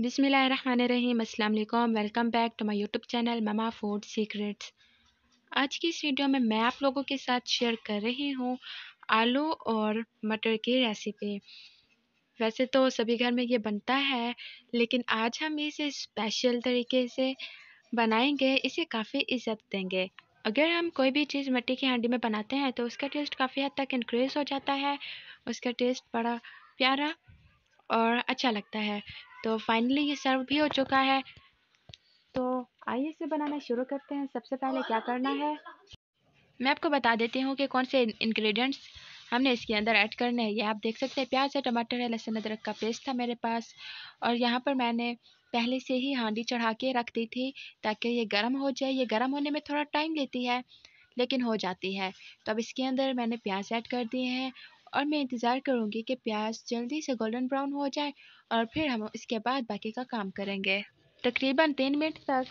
बिसमीम् अल्लाम welcome back to my YouTube channel mama food secrets आज की इस वीडियो में मैं आप लोगों के साथ शेयर कर रही हूँ आलू और मटर की रेसिपी वैसे तो सभी घर में ये बनता है लेकिन आज हम इसे स्पेशल तरीके से बनाएंगे इसे काफ़ी इज्जत देंगे अगर हम कोई भी चीज़ मट्टी की हांडी में बनाते हैं तो उसका टेस्ट काफ़ी हद तक इनक्रीज़ हो जाता है उसका टेस्ट बड़ा प्यारा और अच्छा लगता है तो फाइनली ये सर्व भी हो चुका है तो आइए इसे बनाना शुरू करते हैं सबसे पहले क्या करना है मैं आपको बता देती हूँ कि कौन से इंग्रेडिएंट्स हमने इसके अंदर ऐड करने हैं ये आप देख सकते हैं प्याज है टमाटर है लहसुन अदरक का पेस्ट था मेरे पास और यहाँ पर मैंने पहले से ही हांडी चढ़ा के रख दी थी ताकि ये गर्म हो जाए ये गर्म होने में थोड़ा टाइम लेती है लेकिन हो जाती है तो अब इसके अंदर मैंने प्याज ऐड कर दिए हैं और मैं इंतज़ार करूँगी कि प्याज जल्दी से गोल्डन ब्राउन हो जाए और फिर हम इसके बाद बाकी का काम करेंगे तकरीबन तीन मिनट तक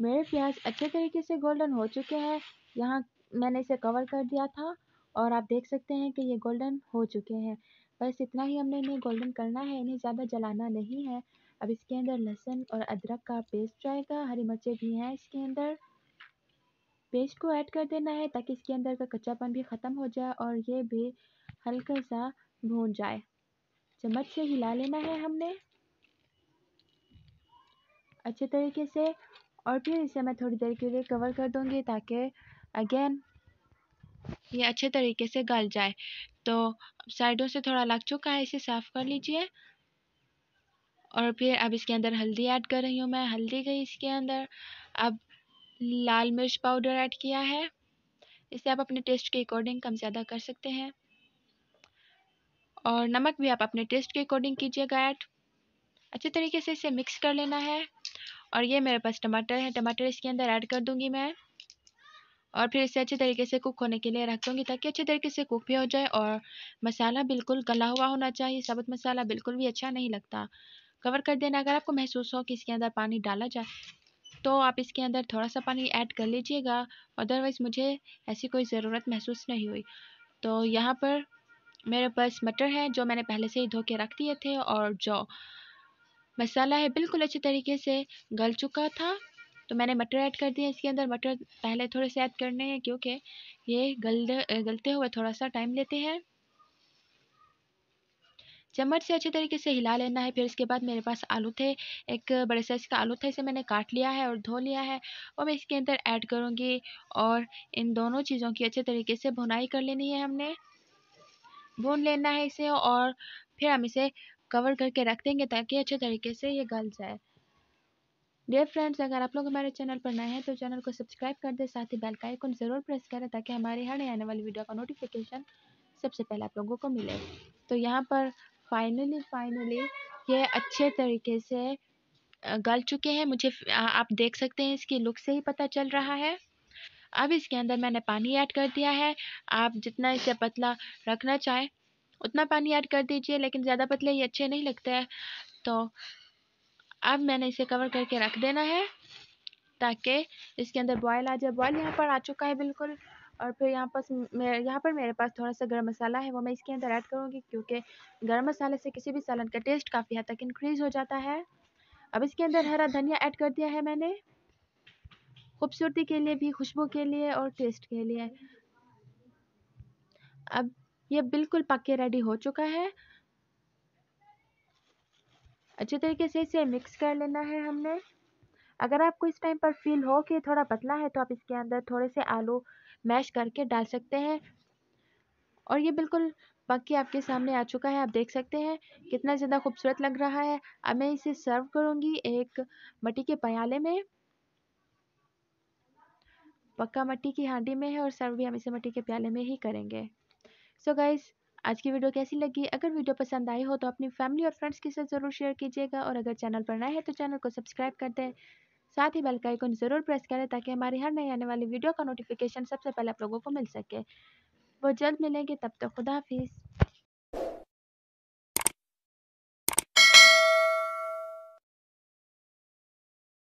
मेरे प्याज अच्छे तरीके से गोल्डन हो चुके हैं यहाँ मैंने इसे कवर कर दिया था और आप देख सकते हैं कि ये गोल्डन हो चुके हैं बस इतना ही हमने इन्हें गोल्डन करना है इन्हें ज़्यादा जलाना नहीं है अब इसके अंदर लहसुन और अदरक का पेस्ट जाएगा हरी मिर्चें भी हैं इसके अंदर पेस्ट को ऐड कर देना है ताकि इसके अंदर का कच्चापन भी ख़त्म हो जाए और ये भी हल्का सा भून जाए चम्मच से हिला लेना है हमने अच्छे तरीके से और फिर इसे मैं थोड़ी देर के लिए कवर कर दूँगी ताकि अगेन ये अच्छे तरीके से गल जाए तो साइडों से थोड़ा लग चुका है इसे साफ़ कर लीजिए और फिर अब इसके अंदर हल्दी ऐड कर रही हूँ मैं हल्दी गई इसके अंदर अब लाल मिर्च पाउडर ऐड किया है इसे आप अपने टेस्ट के अकॉर्डिंग कम ज़्यादा कर सकते हैं और नमक भी आप अपने टेस्ट के अकॉर्डिंग कीजिएगा ऐड अच्छे तरीके से इसे मिक्स कर लेना है और ये मेरे पास टमाटर है टमाटर इसके अंदर ऐड कर दूंगी मैं और फिर इसे अच्छे तरीके से कुक होने के लिए रख दूंगी ताकि अच्छे तरीके से कुक भी हो जाए और मसाला बिल्कुल गला हुआ होना चाहिए साबुत मसाला बिल्कुल भी अच्छा नहीं लगता कवर कर देना अगर आपको महसूस हो कि इसके अंदर पानी डाला जाए तो आप इसके अंदर थोड़ा सा पानी ऐड कर लीजिएगा अदरवाइज़ मुझे ऐसी कोई ज़रूरत महसूस नहीं हुई तो यहाँ पर मेरे पास मटर है जो मैंने पहले से ही धो के रख दिए थे और जो मसाला है बिल्कुल अच्छे तरीके से गल चुका था तो मैंने मटर ऐड कर दिए इसके अंदर मटर पहले थोड़े से ऐड करने हैं क्योंकि ये गल गलते हुए थोड़ा सा टाइम लेते हैं चम्मच से अच्छे तरीके से हिला लेना है फिर इसके बाद मेरे पास आलू थे एक बड़े साइज़ का आलू था इसे मैंने काट लिया है और धो लिया है और मैं इसके अंदर ऐड करूँगी और इन दोनों चीज़ों की अच्छे तरीके से भुनाई कर लेनी है हमने भून लेना है इसे और फिर हम इसे कवर करके रख देंगे ताकि अच्छे तरीके से ये गल जाए डियर फ्रेंड्स अगर आप लोग हमारे चैनल पर नए हैं तो चैनल को सब्सक्राइब कर दें साथ ही बेल का आइकन ज़रूर प्रेस करें ताकि हमारे हर आने वाली वीडियो का नोटिफिकेशन सबसे पहले आप लोगों को मिले तो यहाँ पर फाइनली फाइनली ये अच्छे तरीके से गल चुके हैं मुझे आप देख सकते हैं इसकी लुक से ही पता चल रहा है अब इसके अंदर मैंने पानी ऐड कर दिया है आप जितना इसे पतला रखना चाहें उतना पानी ऐड कर दीजिए लेकिन ज़्यादा पतले ये अच्छे नहीं लगते हैं तो अब मैंने इसे कवर करके रख देना है ताकि इसके अंदर बॉयल आ जाए बॉयल यहाँ पर आ चुका है बिल्कुल और फिर यहाँ पास यहाँ पर मेरे पास थोड़ा सा गर्म मसाला है वो मैं इसके अंदर ऐड करूँगी क्योंकि गर्म मसाले से किसी भी सालन का टेस्ट काफ़ी हद तक इंक्रीज़ हो जाता है अब इसके अंदर हरा धनिया ऐड कर दिया है मैंने खूबसूरती के लिए भी खुशबू के लिए और टेस्ट के लिए अब ये बिल्कुल पक्के रेडी हो चुका है अच्छे तरीके से इसे मिक्स कर लेना है हमने अगर आपको इस टाइम पर फील हो कि थोड़ा पतला है तो आप इसके अंदर थोड़े से आलू मैश करके डाल सकते हैं और ये बिल्कुल पक्के आपके सामने आ चुका है आप देख सकते हैं कितना ज़्यादा खूबसूरत लग रहा है अब मैं इसे सर्व करूँगी एक मटी के प्याले में पक्का मट्टी की हांडी में है और सर्व भी हम इसे मट्टी के प्याले में ही करेंगे सो so गाइज़ आज की वीडियो कैसी लगी अगर वीडियो पसंद आई हो तो अपनी फैमिली और फ्रेंड्स के साथ ज़रूर शेयर कीजिएगा और अगर चैनल पर नए हैं तो चैनल को सब्सक्राइब कर दें साथ ही बेल का आइकन ज़रूर प्रेस करें ताकि हमारी हर नई आने वाली वीडियो का नोटिफिकेशन सबसे पहले आप लोगों को मिल सके वो जल्द मिलेंगे तब तक तो खुदा हाफिज़